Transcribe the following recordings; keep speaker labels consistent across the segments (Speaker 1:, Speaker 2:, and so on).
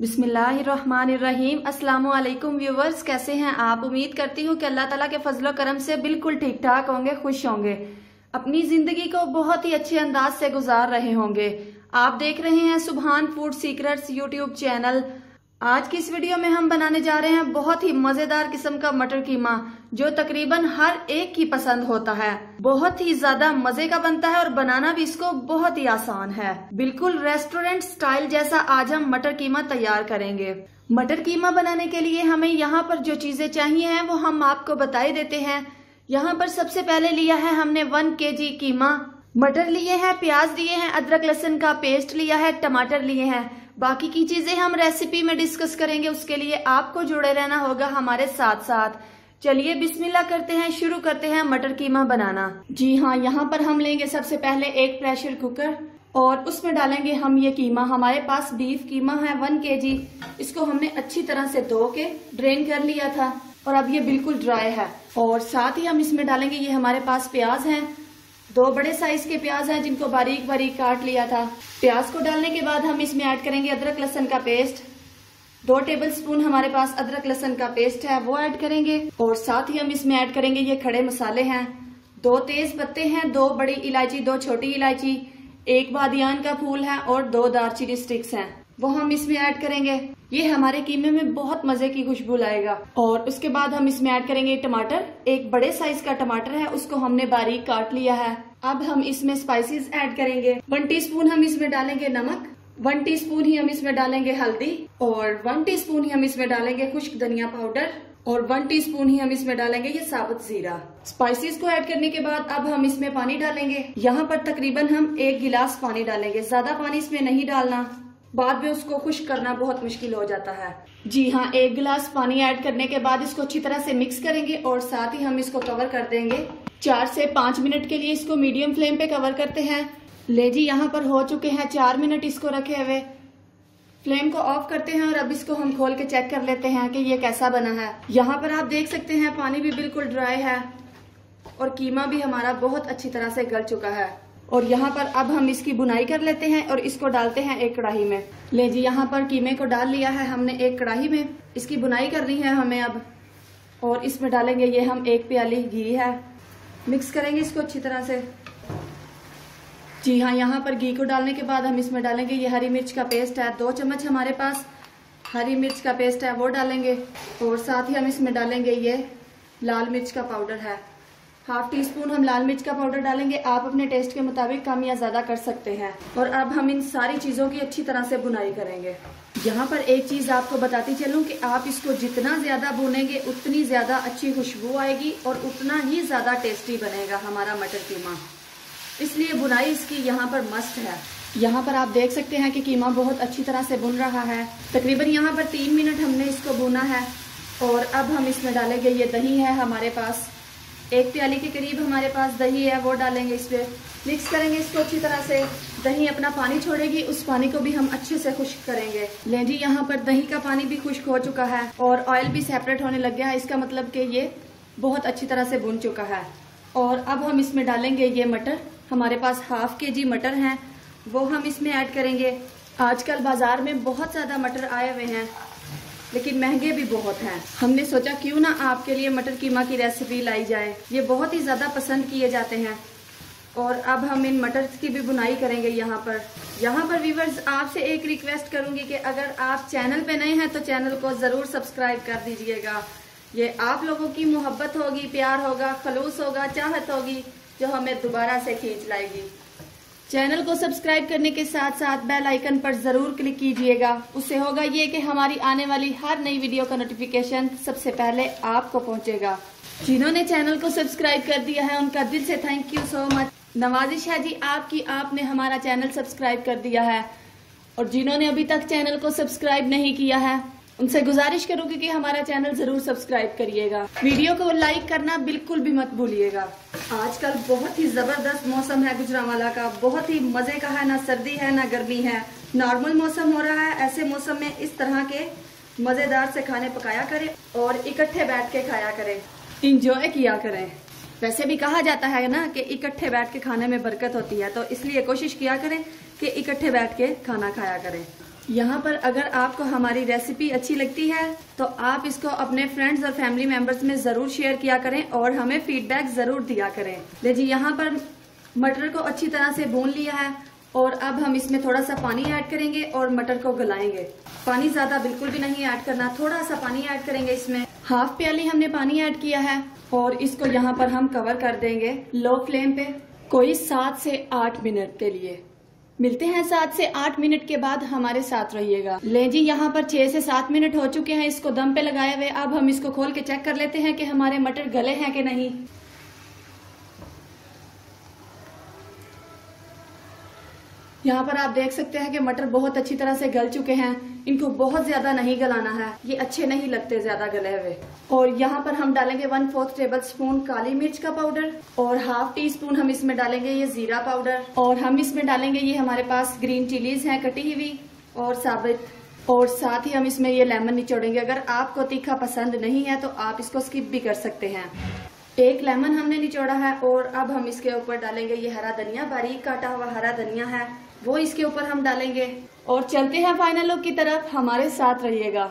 Speaker 1: बिस्मिल्लाहिर्रहमानिर्रहीम अस्सलाम वालेकुम व्यूवर्स कैसे हैं आप उम्मीद करती हूँ कि अल्लाह ताला के फजल करम से बिल्कुल ठीक ठाक होंगे खुश होंगे अपनी जिंदगी को बहुत ही अच्छे अंदाज से गुजार रहे होंगे आप देख रहे हैं Subhan food secrets YouTube channel आज की इस वीडियो में हम बनाने जा रहे हैं बहुत ही मजेदार किस्म का मटर कीमा जो तकरीबन हर एक की पसंद होता है बहुत ही ज्यादा मजे का बनता है और बनाना भी इसको बहुत ही आसान है बिल्कुल रेस्टोरेंट स्टाइल जैसा आज हम मटर कीमा तैयार करेंगे मटर कीमा बनाने के लिए हमें यहाँ पर जो चीजें चाहिए है वो हम आपको बताई देते हैं यहाँ पर सबसे पहले लिया है हमने वन के जी कीमा मटर लिए हैं प्याज लिए हैं अदरक लहसुन का पेस्ट लिया है टमाटर लिए हैं बाकी की चीजें हम रेसिपी में डिस्कस करेंगे उसके लिए आपको जुड़े रहना होगा हमारे साथ साथ चलिए बिस्मिल्लाह करते हैं शुरू करते हैं मटर कीमा बनाना जी हाँ यहाँ पर हम लेंगे सबसे पहले एक प्रेशर कुकर और उसमें डालेंगे हम ये कीमा हमारे पास बीफ कीमा है वन के जी इसको हमने अच्छी तरह से धो के ड्रेन कर लिया था और अब ये बिल्कुल ड्राई है और साथ ही हम इसमें डालेंगे ये हमारे पास प्याज है दो बड़े साइज के प्याज हैं जिनको बारीक बारीक काट लिया था प्याज को डालने के बाद हम इसमें ऐड करेंगे अदरक लहसन का पेस्ट दो टेबल स्पून हमारे पास अदरक लहसन का पेस्ट है वो ऐड करेंगे और साथ ही हम इसमें ऐड करेंगे ये खड़े मसाले हैं दो तेज पत्ते हैं दो बड़ी इलायची दो छोटी इलायची एक बादियान का फूल है और दो दारचीनी स्टिक्स हैं वो हम इसमें ऐड करेंगे ये हमारे कीमे में बहुत मजे की खुशबू लाएगा और उसके बाद हम इसमें ऐड करेंगे टमाटर एक बड़े साइज का टमाटर है उसको हमने बारीक काट लिया है अब हम इसमें स्पाइसेस ऐड करेंगे वन टीस्पून हम इसमें डालेंगे नमक वन टीस्पून ही हम इसमें डालेंगे हल्दी और वन टी ही हम इसमें डालेंगे खुश्क धनिया पाउडर और वन टी ही हम इसमें डालेंगे ये साबुत जीरा स्पाइसेस को ऐड करने के बाद अब हम इसमें पानी डालेंगे यहाँ पर तकरीबन हम एक गिलास पानी डालेंगे ज्यादा पानी इसमें नहीं डालना बाद में उसको खुश करना बहुत मुश्किल हो जाता है जी हाँ एक गिलास पानी ऐड करने के बाद इसको अच्छी तरह से मिक्स करेंगे और साथ ही हम इसको कवर कर देंगे चार से पांच मिनट के लिए इसको मीडियम फ्लेम पे कवर करते हैं ले जी यहाँ पर हो चुके हैं चार मिनट इसको रखे हुए फ्लेम को ऑफ करते हैं और अब इसको हम खोल के चेक कर लेते हैं कि ये कैसा बना है यहाँ पर आप देख सकते हैं पानी भी बिल्कुल ड्राई है और कीमा भी हमारा बहुत अच्छी तरह से गल चुका है और यहाँ पर अब हम इसकी बुनाई कर लेते हैं और इसको डालते हैं एक कढ़ाई में ले जी यहाँ पर कीमे को डाल लिया है हमने एक कढ़ाई में इसकी बुनाई करनी है हमें अब और इसमें डालेंगे ये हम एक प्याली घी है मिक्स करेंगे इसको अच्छी तरह से जी हाँ यहाँ पर घी को डालने के बाद हम इसमें डालेंगे ये हरी मिर्च का पेस्ट है दो चम्मच हमारे पास हरी मिर्च का पेस्ट है वो डालेंगे और साथ ही हम इसमें डालेंगे ये लाल मिर्च का पाउडर है हाफ टी स्पून हम लाल मिर्च का पाउडर डालेंगे आप अपने टेस्ट के मुताबिक कम या ज़्यादा कर सकते हैं और अब हम इन सारी चीज़ों की अच्छी तरह से बुनाई करेंगे यहाँ पर एक चीज़ आपको बताती चलूँ कि आप इसको जितना ज़्यादा भुनेंगे उतनी ज़्यादा अच्छी खुशबू आएगी और उतना ही ज़्यादा टेस्टी बनेगा हमारा मटर कीमा इसलिए बुनाई इसकी यहाँ पर मस्त है यहाँ पर आप देख सकते हैं कि कीमा बहुत अच्छी तरह से बुन रहा है तकरीबन यहाँ पर तीन मिनट हमने इसको बुना है और अब हम इसमें डालेंगे ये दही है हमारे पास एक प्याली के करीब हमारे पास दही है वो डालेंगे इस पर मिक्स करेंगे इसको अच्छी तरह से दही अपना पानी छोड़ेगी उस पानी को भी हम अच्छे से खुश्क करेंगे लें जी यहाँ पर दही का पानी भी खुश्क हो चुका है और ऑयल भी सेपरेट होने लग गया है इसका मतलब कि ये बहुत अच्छी तरह से भुन चुका है और अब हम इसमें डालेंगे ये मटर हमारे पास हाफ के जी मटर हैं वो हम इसमें ऐड करेंगे आजकल बाज़ार में बहुत ज़्यादा मटर आए हुए हैं लेकिन महंगे भी बहुत हैं हमने सोचा क्यों ना आपके लिए मटर कीमा की रेसिपी लाई जाए ये बहुत ही ज़्यादा पसंद किए जाते हैं और अब हम इन मटर की भी बुनाई करेंगे यहाँ पर यहाँ पर व्यूवर्स आपसे एक रिक्वेस्ट करूंगी कि अगर आप चैनल पे नए हैं तो चैनल को ज़रूर सब्सक्राइब कर दीजिएगा ये आप लोगों की मोहब्बत होगी प्यार होगा खलूस होगा चाहत होगी जो हमें दोबारा से खींच लाएगी चैनल को सब्सक्राइब करने के साथ साथ बेल आइकन पर जरूर क्लिक कीजिएगा उससे होगा ये कि हमारी आने वाली हर नई वीडियो का नोटिफिकेशन सबसे पहले आपको पहुंचेगा जिन्होंने चैनल को सब्सक्राइब कर दिया है उनका दिल से थैंक यू सो मच नवाजिश है जी आपकी आपने हमारा चैनल सब्सक्राइब कर दिया है और जिन्होंने अभी तक चैनल को सब्सक्राइब नहीं किया है उनसे गुजारिश करूंगी कि हमारा चैनल जरूर सब्सक्राइब करिएगा वीडियो को लाइक करना बिल्कुल भी मत भूलिएगा आजकल बहुत ही ज़बरदस्त मौसम है गुजरावाला का बहुत ही मज़े का है ना सर्दी है ना गर्मी है नॉर्मल मौसम हो रहा है ऐसे मौसम में इस तरह के मज़ेदार से खाने पकाया करें और इकट्ठे बैठ के खाया करें इंजॉय किया करें वैसे भी कहा जाता है ना कि इकट्ठे बैठ के खाने में बरकत होती है तो इसलिए कोशिश किया करें कि इकट्ठे बैठ के खाना खाया करें यहाँ पर अगर आपको हमारी रेसिपी अच्छी लगती है तो आप इसको अपने फ्रेंड्स और फैमिली मेंबर्स में ज़रूर शेयर किया करें और हमें फीडबैक ज़रूर दिया करें जी यहाँ पर मटर को अच्छी तरह से भून लिया है और अब हम इसमें थोड़ा सा पानी ऐड करेंगे और मटर को गलाएंगे पानी ज़्यादा बिल्कुल भी नहीं ऐड करना थोड़ा सा पानी ऐड करेंगे इसमें हाफ प्याली हमने पानी ऐड किया है और इसको यहाँ पर हम कवर कर देंगे लो फ्लेम पे कोई सात से आठ मिनट के लिए मिलते हैं सात से आठ मिनट के बाद हमारे साथ रहिएगा ले जी यहाँ पर छह से सात मिनट हो चुके हैं इसको दम पे लगाए हुए अब हम इसको खोल के चेक कर लेते हैं कि हमारे मटर गले हैं कि नहीं यहाँ पर आप देख सकते हैं कि मटर बहुत अच्छी तरह से गल चुके हैं इनको बहुत ज्यादा नहीं गलाना है ये अच्छे नहीं लगते ज्यादा गले हुए और यहाँ पर हम डालेंगे वन फोर्थ टेबल स्पून काली मिर्च का पाउडर और हाफ टी स्पून हम इसमें डालेंगे ये जीरा पाउडर और हम इसमें डालेंगे ये हमारे पास ग्रीन चिलीज है कटी हुई और साबित और साथ ही हम इसमें ये लेमन निचोड़ेंगे अगर आपको तीखा पसंद नहीं है तो आप इसको स्किप भी कर सकते हैं एक लेमन हमने निचोड़ा है और अब हम इसके ऊपर डालेंगे ये हरा धनिया बारीक काटा हुआ हरा धनिया है वो इसके ऊपर हम डालेंगे और चलते हैं फाइनल लुक की तरफ हमारे साथ रहिएगा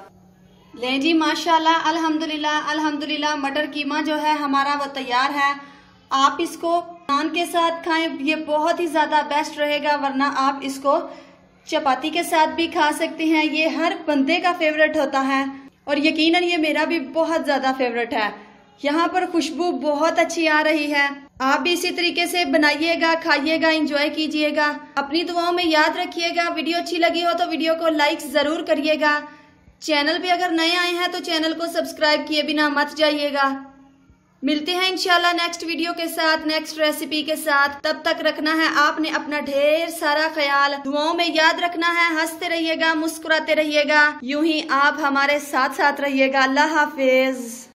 Speaker 1: ले जी माशाला अल्हम्दुलिल्लाह अल्हम्दुलिल्लाह मटर कीमा जो है हमारा वो तैयार है आप इसको नान के साथ खाएं ये बहुत ही ज़्यादा बेस्ट रहेगा वरना आप इसको चपाती के साथ भी खा सकते हैं ये हर बंदे का फेवरेट होता है और यकीनन ये मेरा भी बहुत ज़्यादा फेवरेट है यहाँ पर खुशबू बहुत अच्छी आ रही है आप भी इसी तरीके से बनाइएगा खाइएगा इंजॉय कीजिएगा अपनी दुआओं में याद रखिएगा वीडियो अच्छी लगी हो तो वीडियो को लाइक ज़रूर करिएगा चैनल पे अगर नए आए हैं तो चैनल को सब्सक्राइब किए बिना मत जाइएगा मिलते हैं इंशाल्लाह नेक्स्ट वीडियो के साथ नेक्स्ट रेसिपी के साथ तब तक रखना है आपने अपना ढेर सारा ख्याल दुआओं में याद रखना है हंसते रहिएगा मुस्कुराते रहिएगा यूं ही आप हमारे साथ साथ रहिएगा अल्लाह हाफिज़